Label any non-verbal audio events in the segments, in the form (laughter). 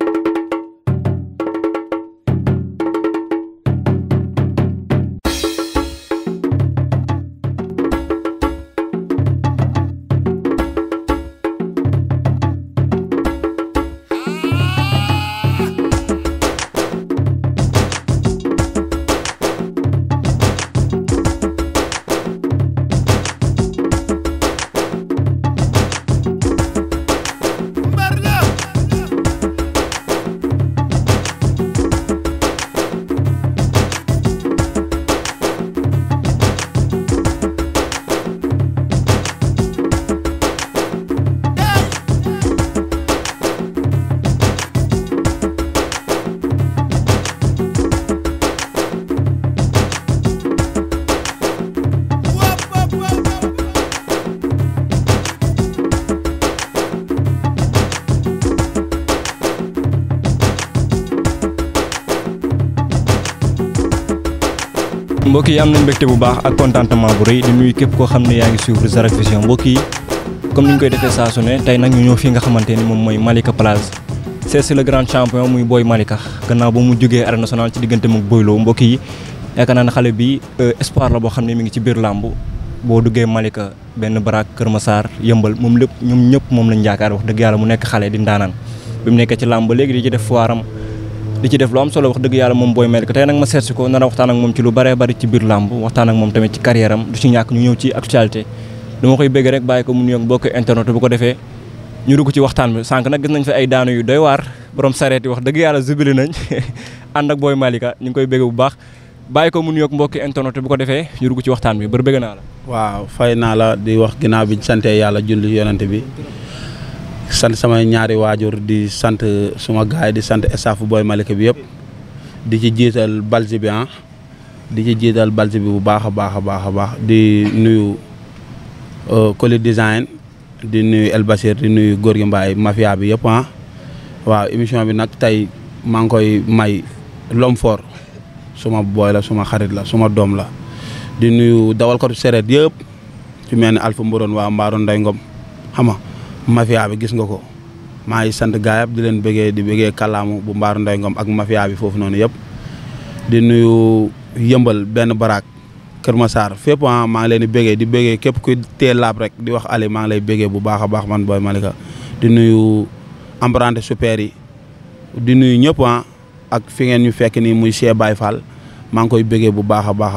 thank you mbokk yi am nañ mbégte bu baax ak contentement bu rëy di nuyu képp koo xam ne yaa ngi suivre Zarak Vision mbokk yi comme ni ñu koy defee saa su ne tey ñu ñëw fii nga xamante ni moom Malika plaza. c'est le grand champion muy Boy Malika gannaaw ba mu jógee arena nationale ci diggante mu Boy Lo mbokk yi yaakaar naa xale bi euh, espoir la boo xam ne mi ngi ci biir làmb boo duggee Malika benn barak Kër Massar yëmbal moom lépp ñoom ñëpp moom lañ yaakaar wax dëgg yàlla mu nekk xale di ndaanaan bi mu ci làmb léegi di ci def foiram di ci def lu am solo wax dëgg yàlla moom booy Melk tey nag ma seet si ko nar a waxtaan ak moom ci lu bëree bëri ci biir làmb waxtaan ak moom tamit ci carrière du ci ñàkk ñu ñëw ci actualité dama koy bëgg rek bàyyi ko mu nuyoog bokk internet bu ko defee ñu dugg ci sànq nag gis nañ fi ay daanu yu waar borom sareet yi dëgg yàlla jubili nañ (laughs) ànd ak booy Malika ñu ngi koy bëgg bu baax bàyyi ko mu nuyoog mbokki internet bu ko defee ñu dugg ci waxtaan bi bër bëgg naa la. waaw fay naa la di wax ginnaaw bi ñu sante yàlla julli yonante bi sant samay ñaari waajur di sant suma gaay di sant staff booy Malika bi yëpp di ci jiital balsi bi ah di ci jiital balsi bi bu baax a baax a baax a baax di nuyu euh, Coly Design di nuyu El di nuyu góor gi mbaay mafia bi yëpp ah waaw émission bi nag tey maa ngi koy may l'homme suma booy la suma xarit la suma doom la di nuyu dawalkatu sereet yëpp ci mel ni Alpha Mburoon waa Mbaaroon Nday Ngom xam mafia bi gis nga ko ma ngi sante gaa di len di bëggee kalamu bu mbar ndoy ngom ak mafia bi fofu non yëpp di nuyu yëmbal ben barak keur ma sar ah ma ngi len di bëggee di bëggee kep kuy teel lab rek di wax Ali ma ngi lay bëggee bu baax baax man Boy Malika di nuyu ambrante super yi di nuyu ñëpp ha ah, ak fi ngeen ñu fekk ni muy Cheikh Baye Fall ma ngi koy bëggee bu baax a baax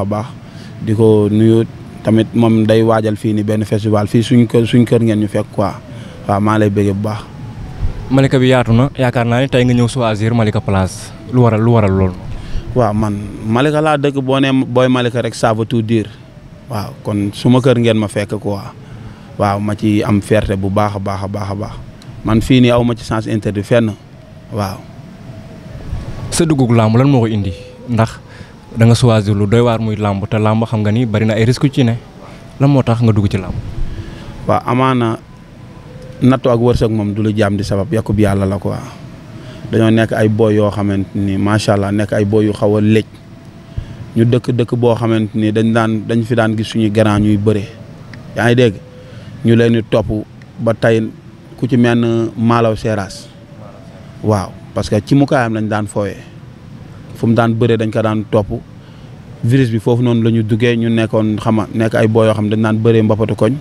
diko di ko nuyu tamit mom day waajal fi ni ben festival fi suñ keur suñ keur ngeen ñu fekk quoi waaw maa lay bëggee bu baax. Malika bi yaatu na yaakaar naa ne tey nga ñëw choisir Malika place lu waral lu waral loolu. waaw man maleka laa dëkk boo nee booy Malika rek ça veut tout dire waaw kon suma kër ngeen ma fekk quoi waaw ma ci am ferte bu baax a baax a baax a baax man fii nii aw ma ci sens interdit fenn waaw. sa dugub làmb lan moo ko indi ndax danga nga choisir lu doy waar muy làmb te làmb xam nga nii bari na ay risques ci ne lan moo tax nga dugg ci làmb. nattu ak wërsëg moom du lu jaam di sabab yakub yàlla la ko quoi dañoo nekk ay boy yoo xamante ni macha allah nekk ay boy yu xaw a lëj ñu dëkk dëkk boo xamante ni dañ daan dañ fi daan gis suñu grand ñuy bëre yaa ngi dégg ñu leen di topp ba tey ku ci mel ne Malaw Seras waaw parce que ci mu kaayam lañ daan fooyee fu mu daan bëree dañ ko daan topp virus bi foofu noonu la ñu duggee ñu nekkoon xama nekk ay boy yoo xam dañ daan bëree mbapatu koñ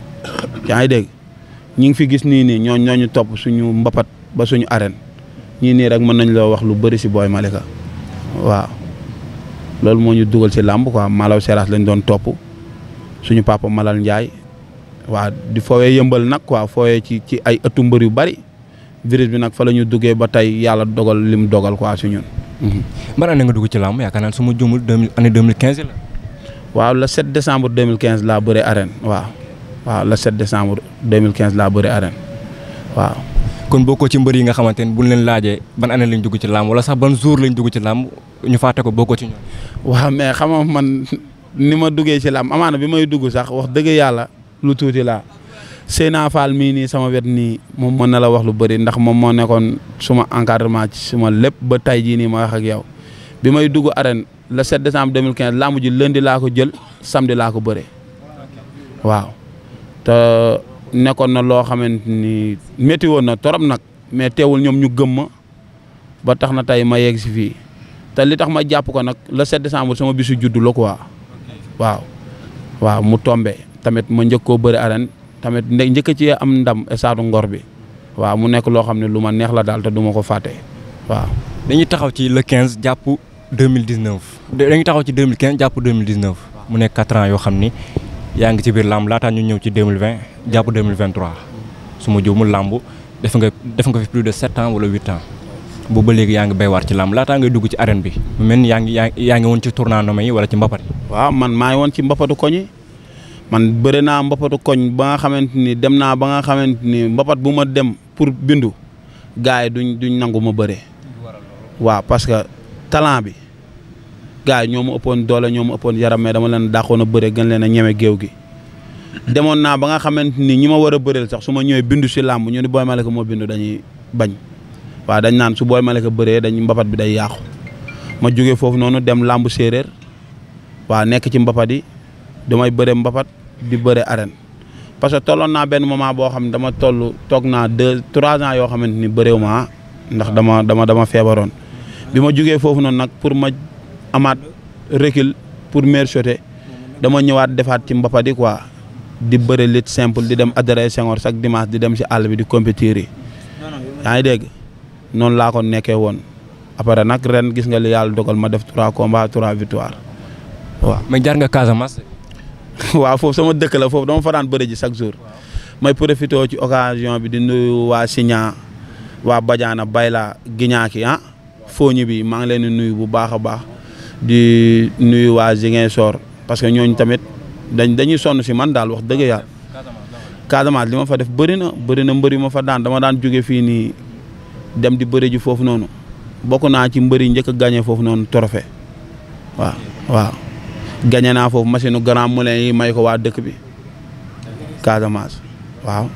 yaa ngi dégg. ñi ngi fi gis ni ni ñoo ñu top suñu mbapat ba suñu arène ñi ni rek mën nañ wax lu bëri si Boy Malika waaw lool mo ñu duggal si lamb quoi Malaw Seras lañ doon top suñu papa Malal ndjay wa di fowé yëmbal nak quoi fowé ci ci ay ëttu mbër yu bari virus bi nak fa lañu duggé ba tay yalla dogal lim dogal quoi sunyun. ñun. mbar mhm. année nga dugg ci lamb yaakaar naa su ma juumul année 2015 la. waaw le 7 décembre 2015 la bëré arène waaw. waaw le 7 mille 2015 laa bëri arène waaw. kon boo ko ci mbër yi nga xamante bu buñ leen laajee ban année lañ dugg ci làmb wala sax ban jour lañ dugg ci làmb ñu fàtte ko bokkoo ci ñoom. waaw xam nga man ni ma duggee ci làmb amaana bi may dugg sax wax dëgg yàlla lu tuuti laa Seyna Fall mii nii sama wet nii moom mën na la wax lu bëri ndax moom moo nekkoon suma encadrement ci suma lépp ba tay jii nii ma wax ak yow bi may dugg arène le 7 décembre 2015 làmb ji lundi laa ko jël samedi laa ko bëree waaw. te nekkoon na loo xamante ni métti woon na torop nag mais teewul ñoom ñu gëm ma ba tax na tey ma yegg si fii te li tax ma jàpp ko nag le 7 décembre sama bisu juddu la quoi waaw waaw mu tombe tamit ma njëkk koo bëri arène tamit njëkk ci am ndam estadu ngor bi waaw mu nekk loo xam ne neex la daal te du ko waaw. dañuy taxaw ci le 15 jàpp 2019 dañuy taxaw ci 2015 jàpp 2019 mu nekk 4 ans yoo yaa ngi ci biir làmb laataa ñu ñëw ci 2020 jàpp 2023 su ma juumul làmb def nga def nga fi plus de sept ans wala huit ans boobu ba léegi yaa ngi bay waar ci làmb laataa ngay dugg ci arène bi mu mel ni yaa ngi yaa ngi woon ci tournoi yi wala ci mbapat yi. waaw man maa ngi woon ci mbapatu koñ man bëri naa mbapatu koñ ba nga xamante ni dem naa ba nga xamante ni mbapat bu ma dem pour bindu gars duñ duñ nangu ma bëre waaw parce que talent bi gars yi ëppoon doole ñoo ëppoon yaram mais dama leen dàqoon a bëre gën leen a ñeme géew gi demoon naa ba nga xamante ni ñi ma war a bëreel sax su ma ñëwee bindu si làmb ñu ni Boy Malika moo bindu dañuy bañ waaw dañ naan su ma Malika bëree dañ mbapat bi day yàqu ma jógee foofu noonu dem làmb séeréer waaw nekk ci mbapat yi damay bëre mbapat di bëre arène parce que tolloon naa benn moment boo xam ne dama toll toog naa deux trois ans yoo xamante ni bëréew maa ndax dama dama dama feebaroon bi ma jógee foofu noonu nag pour amaat recul pour mieux sauter dama ñëwaat defaat ci mbappa di quoi di bëri simple di dem adhéré Senghor chaque di dem si àll bi di compétir yi yaa ngi dégg noonu laa ko nekkee woon après nag ren gis nga li yàlla dogal ma def trois combats trois victoire waaw. mais jaar nga Casamance. (laughs) waa foofu sama dëkk la foofu dama faraan daan bëri ji chaque jour may profité ci occasion bi di nuy waa Signan waa Badiana Bayla Guignac ah fooñu bi maa ngi leen di nuyu bu baax a baax. di nuyu waa sor parce que ñooñu tamit dañ dañuy sonn si man dal wax deug ya Casamance li ma fa def beuri na beuri na mbeuri ma fa daan dama daan joge fi ni dem di bëri ji foofu noonu bokk naa ci mbeuri ñeuk a gagné foofu noonu trophée wa wa gagné na fofu machine grand moulin yi may ko wa dekk bi Casamance wa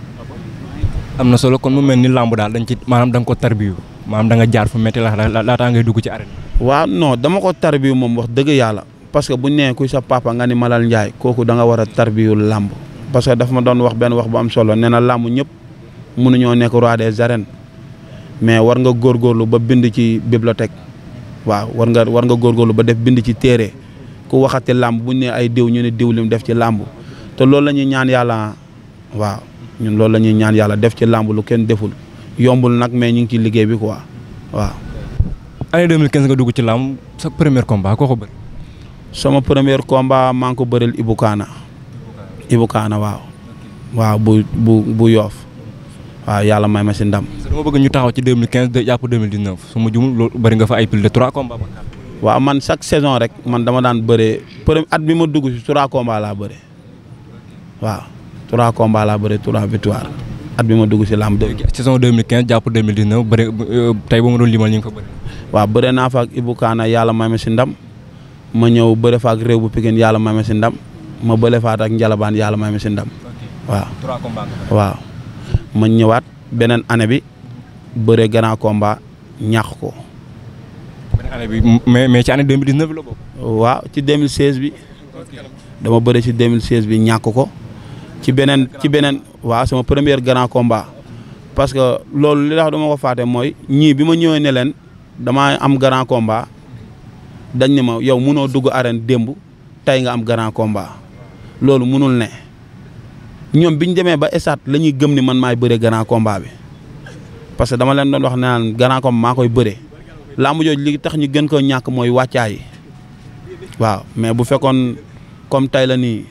amna solo kon mu melni lamb dal dañ ci manam dang ko tarbiyu maam da nga jaar fu metti la ta ngay dugg ci arène wa non dama ko tarbiyu mom wax deug yalla parce que bu ñu sa papa nga ni Malal Ndiaye koku da nga wara a tarbiyu lamb parce que daf ma doon wax ben wax bu am solo ne na ñep ñëpp ñoo nek roi des arènes mais war nga gorlu ba bind ci bibliothèque wa war nga war nga gorlu ba def bind ci téré ku waxati lamb bu ñu ay diw ñu ne diw lim def ci lamb te loolu la ñaan yalla wa ñun loolu ñaan yalla def ci lamb lu kenn deful yombul nak mais ñu ci liggéey bi quoi waaw. année 2015 nga dugg ci làmb sa premier combat ko ko sama premier combat man ko beurel ibukana ibukana waaw. waaw bu bu bu yof waaw yalla may ma ci ndam. dama bëgg ñu taxaw ci 2015 de jàpp 2019 Sama jum lu bari nga fa ay pile de 3 combats. waaw man chaque saison rek man dama daan beure premier at bi ma dugg ci 3 combats la beure waaw 3 combats la beure 3 victoires at bi ma dugg si làmb. saison 2015 jàpp 2019 bëri tey ba ma doon limal ñu ngi fa bëri. waaw bëre naa fa ak Ibou Kaana yàlla may si ndam ma ñëw bëre fa ak réew bu Pikine yàlla may ma si ndam ma bële faat ak Njalabaan yàlla ma si ndam. waaw waaw ma ñëwaat beneen année bi bëre grand komba ñàkk ko. beneen bi mais mais ci année la boobu. waaw ci 2016 bi. dama bëre ci 2016 bi ñàkk ko. ci beneen ci beneen waaw sama premier grand combat parce que loolu li tax duma ko fàtte mooy ñii bi ma ñëwee ne leen damaa am grand combat dañ ne ma yow munoo dugg arène démb tey nga am grand combat loolu munul ne ñoom bi ñu demee ba esat la ñuy gëm ni man maay bëre grand combat bi parce que dama leen doon wax naan grand combat maa koy bëre làmb jooju li tax ñu gën koo ñàkk mooy wàccaay waaw mais bu fekkoon comme tey la nii.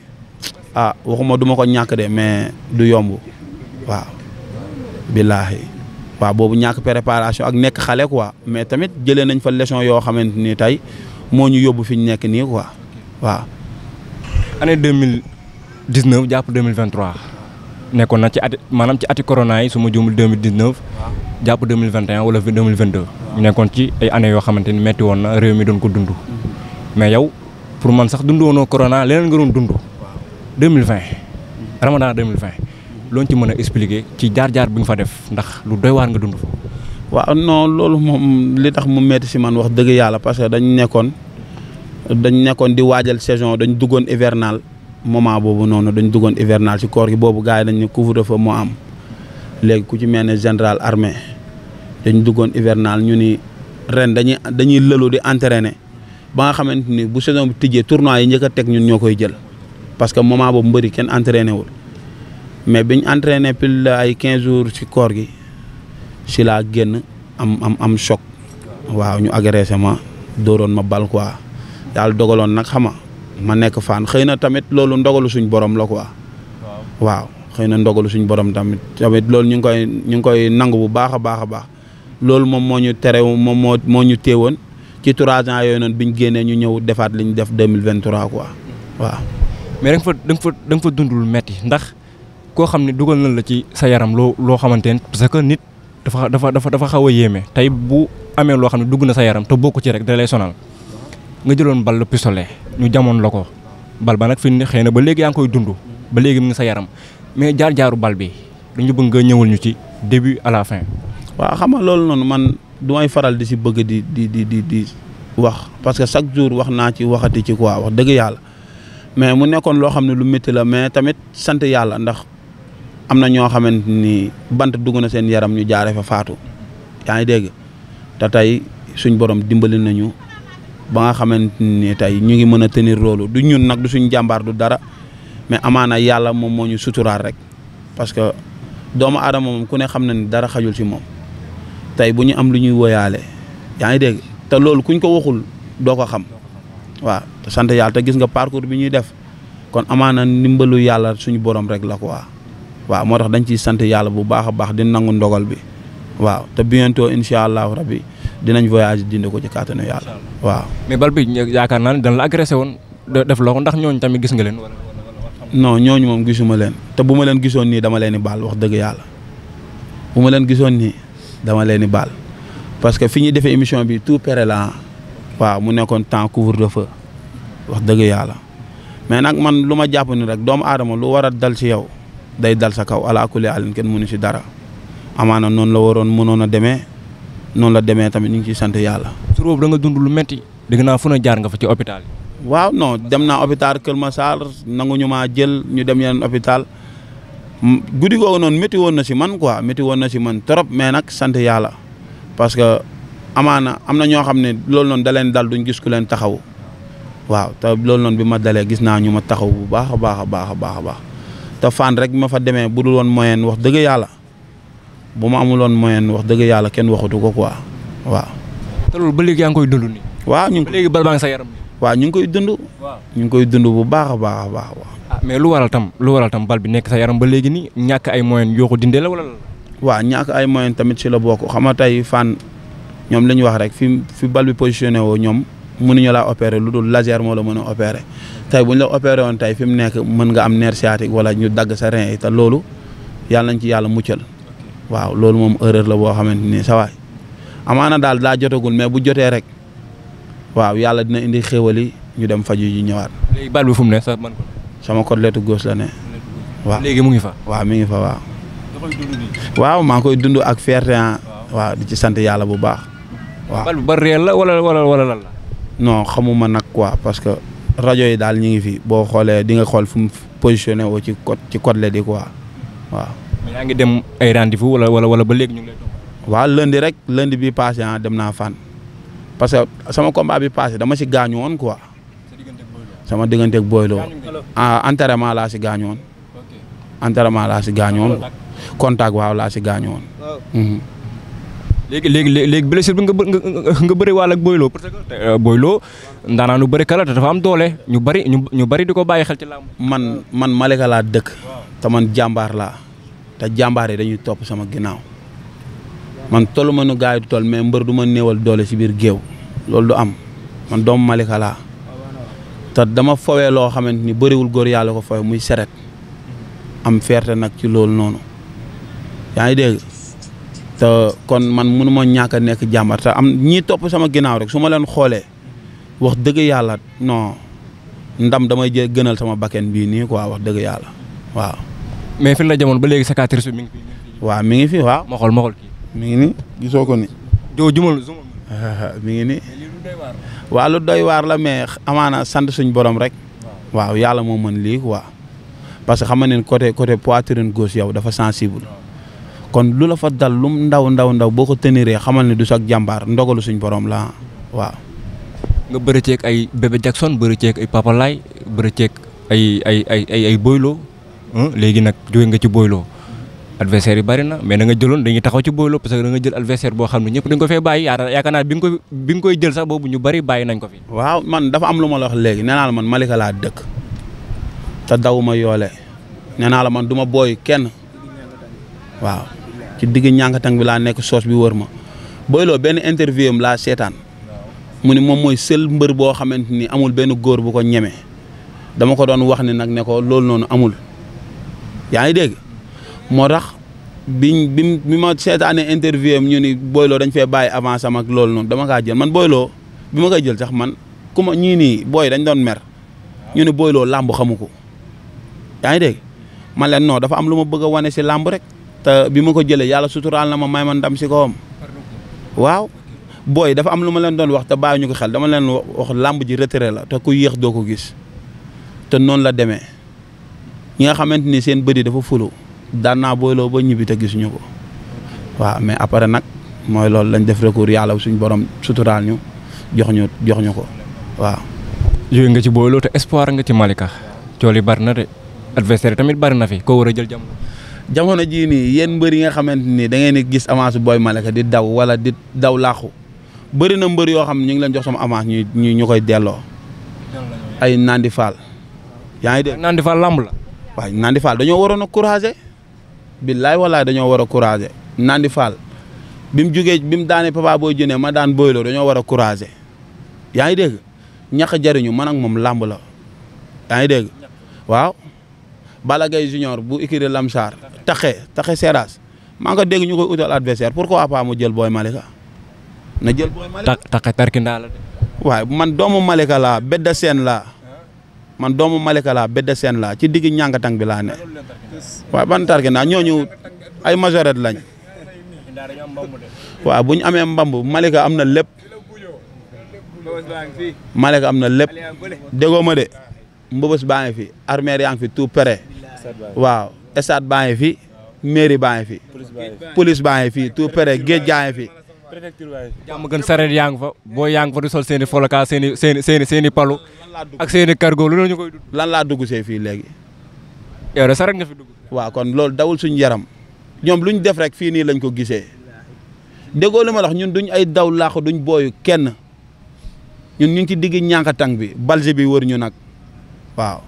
ah waxuma duma ko ñàkk de mais du yomb waaw billaahi waaw boobu ñàkk préparation ak nekk xale ko mais tamit jëlee nañ fa leçon yoo xamante ni tey moo ñu yóbbu fi ñu nekk nii quoi waa année deux mille dix neuf jàpp deux mille vingt ci ati maanaam ci ati corona su ma juumul deux mille dix neuf jàpp deux mille wala deux mille vingt deux ñu nekkoon ci ay années yoo xamante ni metti woon na réew mi doon ko dund mais yow pour man sax dundu woonoo corona leneen nga room dund. 2020 Ramadan 2020 loo ci mën a expliquer ci jaar-jaar bi nga fa def ndax lu doy waar nga dund fa. waaw non loolu moom li tax mu metti si man wax dëgg yàlla parce que dañ nekkoon dañ nekkoon di waajal saison dañ duggoon hivernal moment boobu noonu dañ duggoon hivernal si koor gi boobu gaay yi dañ ne couvre-feu moo am léegi ku ci mel ne général armée dañ duggoon hivernal ñu ni ren dañuy dañuy lëlu di entraîner ba nga xamante ni bu saison bi tijjee tournoi yi njëkk a teg ñun ñoo koy jël. parce que moment boobu mbëri kenn entraîné wul mais biñ entraîné pile ay quinze jours si koor gi si laa génn am am am choc waaw ñu agressé ma dóoroon ma bal quoi yàlla dogaloon nag xama ma nekk fan xëy na tamit loolu ndogalu suñ borom la quoi waaw xëy na ndogalu suñ borom tamit tamit loolu ñu ngi koy ñu ngi koy nangu bu baax a baax a baax loolu moom moo ñu tere moom moo moo ñu téewoon ci trois ans yooyu noonu bi ñu génnee ñu ñëw defaat li ñu def deux mille vingt trois quoi waaw mais da nga fa da fa da nga dundul metti ndax koo xam ne dugal nañ la ci sa yaram loo loo xamante ne parce que nit dafa dafa dafa dafa xaw a yéeme tey bu amee loo xam ne dugg na sa yaram te bokku ci rek da lay sonal nga jëloon bal pistolet ñu jamoon la ko bal ba nag fi xëy na ba léegi yaa ngi koy dund ba léegi mu ngi sa yaram mais jaar-jaaru bal bi dañu bëgg nga ñëwal ñu ci début à la fin. waaw xam nga loolu noonu man du faral di si bëgg di di di di di wax parce que chaque jour wax naa ci waxati ci quoi wax dëgg yàlla. mais mu nekkoon loo xam ne lu métti la mais tamit sant yàlla ndax am na ñoo xamante ni bant dugg na seen yaram ñu jaare fa faatu yaa ngi dégg te tey suñ borom dimbali nañu ba nga xamante nii tey ñu ngi mën a tenir loolu du ñun nag du suñ jàmbaar du dara mais amaana yàlla moom moo ñu suturaar rek parce que doomu aadama moom ku ne xam na ni dara xajul si moom tey bu ñu am lu ñuy woyaale yaa ngi dégg te loolu kuñ ko waxul doo ko xam waaw te sant yàlla te gis nga parcours bi ñuy def kon amaana ndimbalu yàlla suñu borom rek la quoi waaw moo tax dañ ciy sant yàlla bu baax a baax di nangu ndogal bi waaw te bientôt incha allahu rabbi dinañ voyage dindi ko ci kàttanu yàlla waaw. mais bal bi yaakaar naa ne dañ la agressé woon def loo ko ndax ñooñu tamit gis nga leen. non ñooñu moom gisuma leen te bu ma leen gisoon nii dama leen di baal wax dëgg yàlla bu ma leen gisoon nii dama leen baal parce que fi ñuy defee émission bi tout prêt la waaw mu nekkoon temps couvre-feu wax dëgg yàlla mais nag man lu ma jàpp ni rek doomu aadama lu war a dal si yow day dal sa kaw ala kulli alin kenn mënu si dara amaana noonu la waroon mënoon a demee noonu la demee tamit ñu ngi ciy sant yàlla. su boobu da nga dund lu metti dëgg naa fu na jaar nga fa ci opital yi. waaw non dem naa hôpital Kër Massar nangu ñu maa jël ñu dem yeneen hôpital guddi googu noonu métti woon na ci man quoi métti woon na ci man trop mais nag sant yàlla amaana amna na ñoo xam ne loolu noonu da leen dal duñ gis ku leen taxaw waaw te loolu noonu bi ma gis taxaw bu baax a baax a baax a fan rek ma fa demee bu dul moyen wax dëgg yàlla buma amulon moyen wax dëgg yàlla ken waxatu ko quoi waaw. te loolu ba léegi yaa ngi koy dund nii. waaw ñu ba bal baa sa yaram. waaw ñu koy dund. waaw ñu koy dund bu baax a baax a ah, mais lu waral tam lu waral tam bal bi nekk sa yaram ba ay moyen yoo ko dindee la wala. waaw ñàkk ay moyen tamit ci la bokk fan ñoom li ñu wax rek fi fi bal bi positionné woo ñoom mënuñu laa opérer lu dul laser moo la mën a opérer tey bu ñu la opéré woon tey fi mu nekk mën nga am nerf sciatique wala ñu dagg sa rein yi te loolu yàlla nañ ci yàlla muccal waaw loolu moom erreur la boo xamante ni sa waay amaana daal daa jotagul mais bu jotee rek waaw yàlla dina indi xéwal yi ñu dem faju ji ñëwaat. léegi fu mu ne sa man sama côtelette gauche la ne. léegi mu ngi fa. waaw mi ngi fa maa ngi koy dund ak fierté ah. waaw di ci sant yàlla bu baax. waaw bal ba réel la wala wala wala lan la. non xamuma nag quoi parce que rajo yi daal ñu ngi fi boo xoolee di nga xool fu mu positionné woo ci côté ci côté di quoi waaw. mais ngi dem ay rendez wala wala wala ba léegi ñu ngi lay toog. rek lundi bi passé ah dem naa fan parce que sama combat bi passé dama si gaañu woon quoi. sama digganteeg booy ah entraînement laa si gaañu woon. entraînement laa si gaañu woon. contact waaw laa si gaañu woon. léegi léegi léegi blessure bi nga nga bëri wàll ak Boy Lo parce eh, que Boy Lo ndaanaan lu bëri kala tole dafa am doole ñu bëri ñu di xel ci man man Malika laa dëkk. ta man jàmbaar laa te jàmbaar dañuy topp sama ginnaaw man tollu ma nu gaay du mais du ma néewal doole si biir géew loolu am man dom Malika laa ta dama fowee loo xamante ni bëriwul góor yàlla ko fowee muy am fierté nak ci loolu noonu yaa dégg. te kon man mënu ma ñàkk a nekk jàmbar te am ñii topp sama ginnaaw rek su ma leen xoolee wax dëgg yàlla no ndam damay jë gënal sama bakken bii nii quoi wax dëgg yàlla waaw. mais fi la jamoon ba léegi cicatrice mi ngi fi. waaw mi ngi fi waaw. ma xool ma xool mi ngi ni gisoo ko ni. joo jumal (laughs) mi ngi ni. waaw lu doy waar la mais amaana sant suñ borom rek. waaw yàlla moo mën lii waa parce que xam nga ne côté côté poitrine gauche yow dafa sensible. kon lu la fa dal lum ndaw ndaw ndaw boko ko xamal ni du sax jambar ndogalu suñ borom la waaw. nga bëri ak ay Bébé Jackson bëri ak ay Papa Lay bëri ak ay ay ay ay ay Boylo légui nak joy nga ci Boylo adversaire yi bari na mais da nga jëlone dañuy taxaw ci Boylo parce que da nga jël adversaire bo xamni ñepp dañ ko fay bàyyi yaakaar naa bi nga koy koy jël sax bobu ñu bari bàyyi nañ ko fi. waaw man dafa am luma la wax légui nee la man Malika la dëkk ta dawuma yoole nee la man duma boy kenn waaw ci digg ñànkatang bi laa nekk soos bi wër ma Boy Lo benn interview am laa seetaan mu ni moom mooy seul mbër boo xamante ni amul benn góor bu ko ñeme dama ko doon wax ne nag ne ko loolu noonu amul yaa ngi dégg moo tax biñ bi bi ma seetaanee interview am ñu ni Boy dañ fee bàyyi avance am ak loolu noonu dama kaa jël man Boy bi ma koy jël sax man ku ma ñii nii booy dañ doon mer ñu ne Boy Lo làmb xamu ko yaa ngi dégg man leen non dafa am lu ma bëgg a wane si làmb rek te bi ma ko jëlee yàlla suturaal na ma may ma ndam si kawam waaw booy dafa am lu ma leen doon wax te bàyyi ñu ko xel dama leen wax làmb ji retiré la te ku yéex doo ko gis te noonu la demee ñi nga xamante ni seen bëri dafa fulu daan naa booyloo ba ñibbi te gisuñu ko waaw mais après nag mooy loolu lañ def recours yàlla suñu borom suturaal ñu jox ñu ko waaw. jóge nga ci booyloo te espoir nga ci Malika. cool yi bari na de adversaire tamit bari na fi koo war a jël jamono. jamono jii nii yéen mbër yi nga xamante ni da ngeen di gis avance booy Malika di daw wala di daw làqu bëri na mbër yoo xam ne ñu ngi leen jox sama avance ñu ñu ñu koy delloo. ay Nandi Fall. yaa ngi dégg Nandi Fall lamb la. waaw Nandi Fall dañoo waroon a couragé. billaay walaay dañoo war a couragé. Nandi Fall bi mu jugee bi mu daanee papa booy jënee ma daan boyloo dañoo war a couragé. yaa ngi dégg ñax jariñu man ak moom lamb la yaa ngi dégg balagay junior bu ikire lamchar taxé taxé Seras ma nga dégg ñukoy outal adversaire pourquoi pas mu jël Boy Malika na jël Boy Malika taxé tarkindaa la way man doomu Malika la bedda sen la man doomu Malika la bedda sen la ci digi ñangatang bi la né way ban tarkindaa ñoñu ay majorette lañ waaw buñ amé mbambu Malika amna lepp Malika amna lepp lépp déggoo ma de mbëbës baa fi armée yaangi fi tout prêt waaw stade baa ngi fi mairie baa ngi fi. police baa ngi fi tu près géej gaa ngi fi. jàmm gën sareet yaa ngi fa boo yaa ngi fa di sol seen i foloka seen i seen i palu ak seeni i cargo lu ñu koy dugg. lan laa dugg see fii léegi. yow de sareet nga fi dugg. waaw kon loolu dawul suñ yaram ñoom lu ñu def rek fii nii lañ ko gisee déggoo li ma wax ñun duñ ay daw laax duñ booyu kenn ñun ñu ngi ci digg ñànkatang bi balse bi wër ñu nag waaw.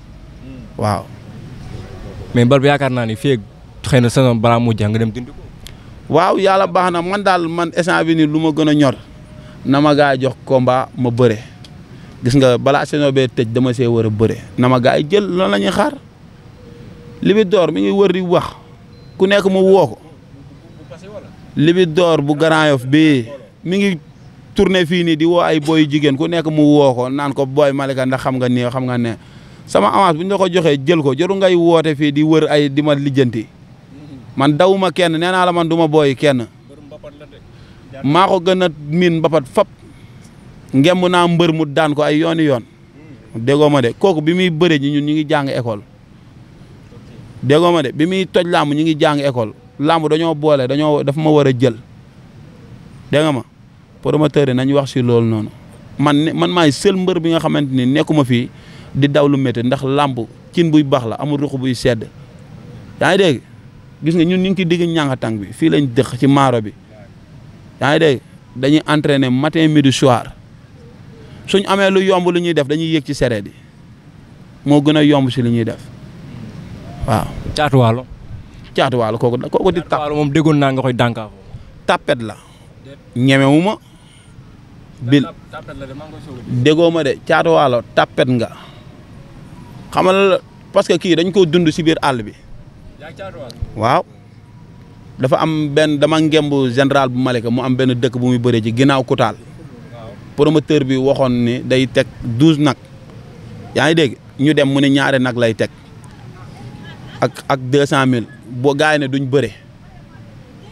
Hmm. mais bal bi yaakaar naa ni fii xëy na saison balaa mu jàng dem dindi ko. waaw yàlla baax na man daal man instant bi nii lu ma gën a ñor na ma jox komba ma bëre gis nga balaa saison bee tëj dama see war a bëre na ma gaa yi jël loolu la ñuy xaar Libidor mi ngi wër di wax ku nekk mu woo ko Libidor bu Grand Yoff bii mi ngi tourné fii nii di woo ay booy jigéen ku nekk mu woo ko naan ko booy Malika ndax xam nga xam nga ne. sama avance bu ñu la ko joxee jël ko jaru ngay woote fii di wër ay di ma lijjanti man daw ma kenn nee naa la man du ma booy kenn maa ko gën a miin mbapat fab ngemb naa mbër mu daan ko ay yooni yoon hmm. déggoo ma de kooku bi muy bëree ñi ñun ñu ngi jàng école déggoo ma de bi muy toj làmb ñu ngi jàng école làmb dañoo boole dañoo daf ma war a jël dégg nga ma promoteur yi nañ wax si loolu noonu man man maay seul mbër bi nga xamante ni nekkuma fii di daw lu métti ndax làmb cin buy baax la amul buy sedd yaa ngi gis nga ñun ñu ngi ci digg ñàngatang bi fii lañ dëkk ci maaro bi yaa ngi dégg dañuy entraîner matin midi suñ amee lu yomb lu ñuy def dañuy yég ci seret yi moo gën a yomb si lu ñuy def waaw. caatuwaalo. caatuwaalo kooku kooku di. caatuwaalo moom déggoon naa nga koy dànkaa. tapet la. ñemewuma bil déggoo ma de caatuwaalo tapet nga. xamal parce que kii dañ koo dund si biir àll bi waaw dafa am benn dama ngemb général bu Malika mu am benn dëkk bu muy bëree ci ginnaaw Kutaal promoteur bi waxoon ni day teg douze nag yaa ngi dégg ñu dem mu ne ñaare nag lay teg ak ak deux mille boo gars yi duñ bëre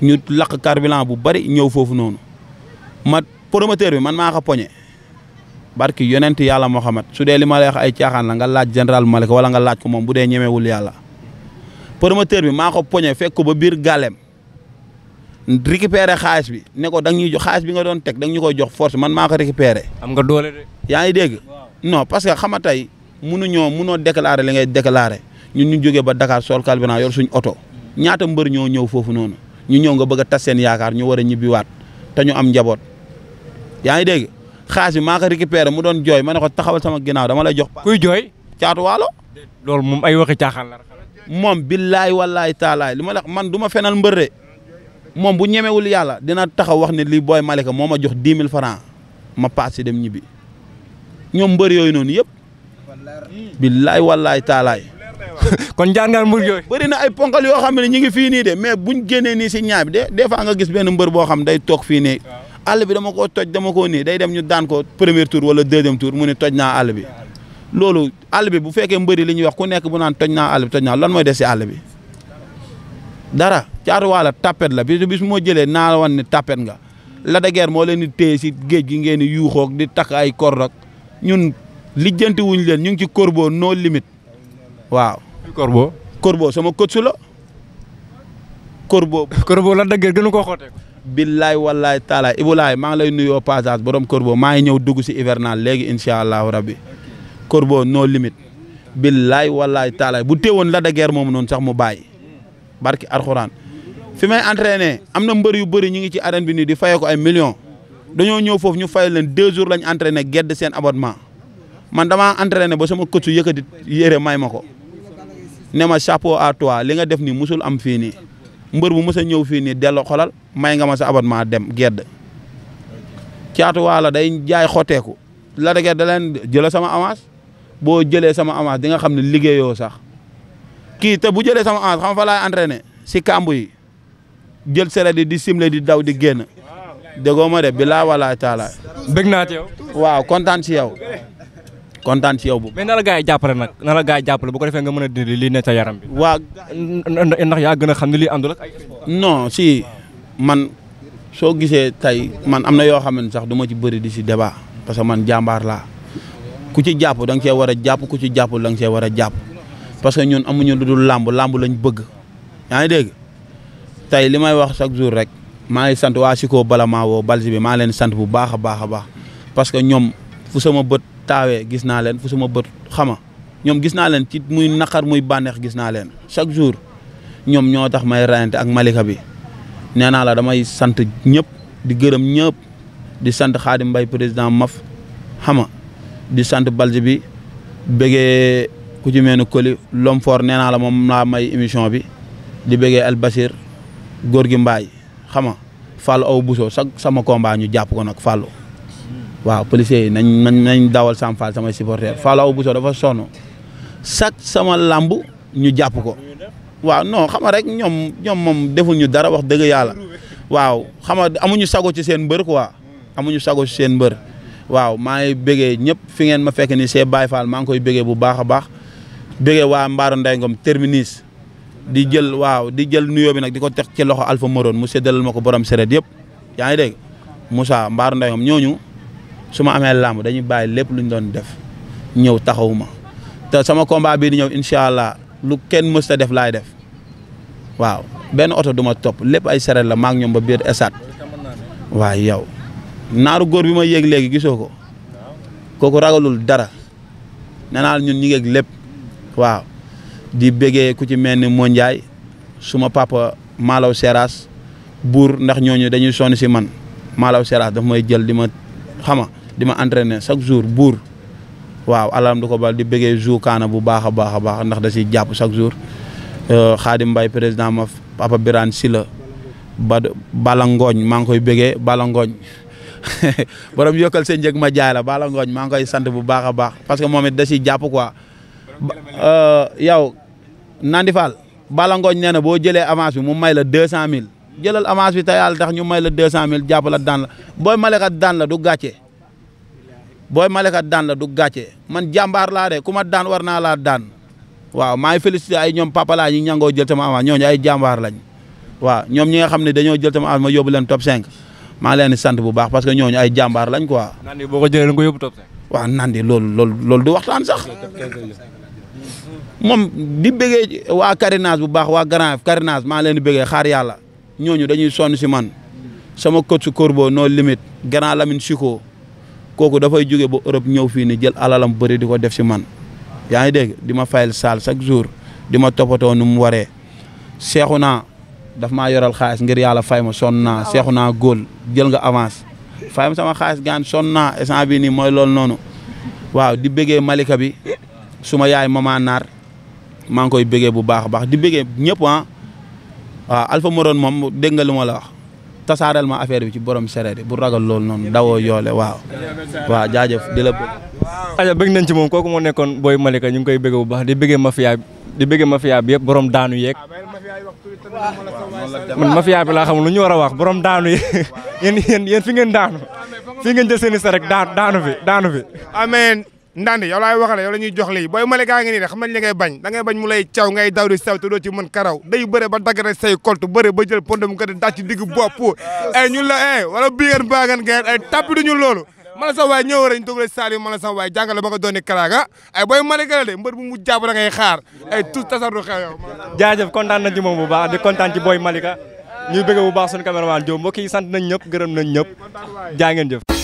ñu lakk carburant bu bari ñëw foofu noonu ma promoteur bi man maa ko poñe barki yonent yàlla Muhammad su dee li ma lay wax ay caaxaan la nga laaj général Malick wala nga laaj ko moom bu dee ñemewul yàlla promoteur bi maa ko poñe fekk ko ba biir gàllem récupéré xaalis bi ne ko da ñuy jox xaalis bi nga doon teg da ñu koy jox force man maa ko récupéré. am nga doole yaa ngi dégg non parce que xama tey munuñoo munoo déclaré li ngay déclaré ñun ñu jógee ba dakaar sol kalbina yor suñ oto ñaata mbër ñoo ñëw foofu noonu ñu ñëw nga bëgg a tas seen yaakaar ñu war a ñibbiwaat te ñu am njaboot xaas bi maa ko mu doon jooy ma ne ko taxawal sama ginnaaw dama lay jox. kuy jooy caatu waalo. loolu moom ay waxi caaxaan la. moom billaay wallaay taalaay li ma la man du ma fenal mbër moom bu ñemewul yàlla dina taxaw wax ne lii booy Malika moo ma jox dix mille francs ma paas dem ñibi ñoom mbër yooyu noonu yëpp. billaay wallaay taalaay. (laughs) kon jaar ngaa mbër yooyu. bëri na ay ponkal yoo xam ne ñu ngi fii nii de mais bu génnee nii si ñaar bi de des fois nga benn mbër boo xam day toog fii nii àll bi dama koo toj dama koo nii day dem ñu daan ko premier tour wala deuxième tour mu ne toj naa àll bi loolu àll bi bu fekkee mbëri li ñuy wax ku nekk bu naan toj naa àll bi toj naa lan mooy des si àll bi dara caatu waalo tapet la bis bis moo jëlee naa la wan ne tapet nga la da moo leen di téye si géej gi ngeen di yuuxoog di takk ay kor rek ñun lijjanti wuñ leen ñu ngi ci corbeau no limite waaw. corbeau corbeau sama coach la corbeau. (laughs) corbeau la da gënu koo xooteeku. billaay wallaay taalaay ibulaay maa ngi lay nuyoo passage borom Corbeau maa ngi ñëw dugg si hivernal léegi incha allahu rabbi Corbeau no limite billaay wallaay taalaay bu téewoon la da moom moomu noonu sax mu bàyyi barki arxuraan fi may entraîné am na mbër yu bëri ñu ngi ci arène bi nii di fayee ko ay millions dañoo ñëw foofu ñu fay leen deux jours lañ entraîné gedd seen abonnement man damaa entraîné ba sama coach yëkkati yére may ma ko ne ma chapeau à toi li nga def nii musul am fii nii. mbër bu mës a ñëw fii nii delloo xolal may nga ma sa abonnement dem gedd caatu waalo day jaay xoteeku la da da jëla sama avance boo jëlee sama avance di nga xam ne liggéeyoo sax kii te bu jëlee sama avance xam fa laay entraîné si kàmb yi jël sere di di simle di daw di génn déggoo ma de bilaa walaay taalaay. bëgg naa ci yow. waaw kontaan si yow. kontaan si yow bu mais na la gars yi jàppale nag na la gars yi jàppale bu ko defee nga mën a dindi lii ne sa yaram bi. waa ndax yaa gën a xam ne lii àndul ak ay non si man soo gisee tey man am na yoo xam ne sax du ma ci bëri di si débat parce que man jàmbaar laa ku ci jàpp da nga see war a jàpp ku ci jàppul da nga see war a jàpp parce que ñun amuñu lu dul làmb làmb lañ bëgg yaa ngi dégg tey li may wax chaque jour rek maa ngi sant waa si ko bala maa woo balsi bi maa leen sant bu baax a baax a baax parce que ñoom fu sama bët. taawee gis naa leen fu sama bët xama ñoom gis naa leen ci muy naqar muy bànneex gis naa leen chaque jour ñoom ñoo tax may rayante ak Malika bi nee naa la damay sant ñëpp di gërëm ñëpp di sant Xaadim Mbay président maf xama di sant balje bi bëggee ku ci mel ni Koli l'homme fort naa la moom laa may émission bi di bëggee El Basir góor gi mbaay xama fàllu aw busoo sa sama combat ñu jàpp ko nag fàllu waaw policiers yi nañ man nañ dawal Sam Fall samay supporters Fallou Bousso dafa sono chaque sama làmb ñu jàpp ko waaw no xam nga rek ñoom ñoom moom deful ñu dara wax dëgg yàlla waaw xam nga amuñu sago ci seen mbër quoi amuñu sago ci seen mbër waaw maa ngi bëggee ñëpp fi ngeen ma fekk ni see Baye Fall maa koy bëggee bu baax a baax bëggee waa Mbaaru Ndeye Ngom terminus di jël waaw di jël nuyoo bi nag di ko tex ci loxo Alpha Morone mu séddalal ma ko borom seret yëpp yaa ngi dégg Moussa Mbaaru Ndeye ñooñu su ma amee làmb dañuy bàyyi lépp lu ñu doon def ñëw taxawu ma te sama combat bii di ñëw incha allah lu kenn mës def laay def waaw benn oto duma topp lépp ay saret la maak ñoom ba biir esat waaw yow naaru góor bi ma yéeg léegi gisoo ko kooku ragalul dara nee ñun ñu ngeeg lépp waaw di bëggee ku ci mel ni Mondiaye suma papa Malaw Seras buur ndax ñooñu dañuy sonn si man Malaw Seras daf may jël di ma xama di ma entraîner chaque jour buur waaw alam du ko bal di bëggee jour kaana bu baax a baax a baax ndax da siy jàpp chaque jour euh, Xaadim Mbaye président ma papa Birane Sila ba balangooñ maa ngi koy bëggee balangooñ (laughs) borom yokkal seen njëg ma jaay la balangooñ maa ngi koy sant bu baax a baax parce que moom it da siy jàpp quoi euh, yow Nandi Fall balangooñ nee na boo jëlee avance bi mu may la deux cent mille jëlal la deux cent mille jàpp la daan la booy malekat daan la du gàcce booy maleka daan la du gàcce man jàmbaar laa de ku ma daan war naa laa daan waaw maa ngi félicité ay ñoom papa laa ñi ñangoo jël sama avance ñooñu ay jàmbaar lañ waaw ñoom ñi nga xam ne dañoo jël sama avance ma yóbbu leen top 5 maa leen di sant bu baax parce que ñooñu ay jàmbaar lañ quoi. Nandi boo ko jëlee ko yóbbu top 5. waaw loolu loolu loolu du waxtaan sax. moom di bëggee waa carénage bu baax waa Grand carénage maa leen di bëggee xaar yàlla ñooñu dañuy sonn si man sama coach Corbeau no limite Grand Lamine Siko kooku dafay jóge ba Europe ñëw fii ni jël alalam bëri di ko def si man yaa ngi dégg di ma fayal saal chaque jour di ma toppatoo nu mu waree seexu naa daf maa yoral xaalis ngir yàlla fay ma sonn naa ah, seexu naa góol jël nga avance fay ma sama xaalis gaan sonn naa instant bii nii mooy loolu noonu waaw di bëggee Malika bi suma yaay mama naar maa ngi koy bëggee bu baax a baax di bëggee ñëpp ah waaw Alpha Morone moom dégg nga lu ma la tasaareel ma affaire bi ci borom sereer yi bu ragal loolu noonu dawoo yoole waaw waaw jaajëf di la bëgg. aja bëgg nañ ci moom kooku moo nekkoon Boy Malika ñu ngi koy bëgg bu baax di bëggee mafia di bëggee mafia yëpp borom daanu yeeg man mafia bi laa xam lu ñu war a wax borom daanu yi (laughs) yéen yéen yéen fi ngeen daanu fi ngeen jël seen daanu fi daanu fi. amen Ndandi yow laay waxale yow la ñuy jox lii booy Malick gaa ngi nii de xam nañ li ngay bañ da ngay bañ mu lay ci mën karaw day bëre ba dagg rek say kolt bëre ba jël pondam ko di dàcc digg bopp ay eh, ñun la ay eh, wala biigeen baagan geen ay eh, tàpp duñu loolu mala sa waay ñëw rek ñu toog la saal yi mala sa waay jàngale ba nga doon karaaga ay booy Malick la de mbër bu mu jàpp da ngay xaar ay tout tasardu kontaan nañ ci moom bu baax di kontaan ci booy Malika ñuy bëgg bu baax suñu yi sant nañ ñëpp gërëm nañ ñëpp ngeen jëf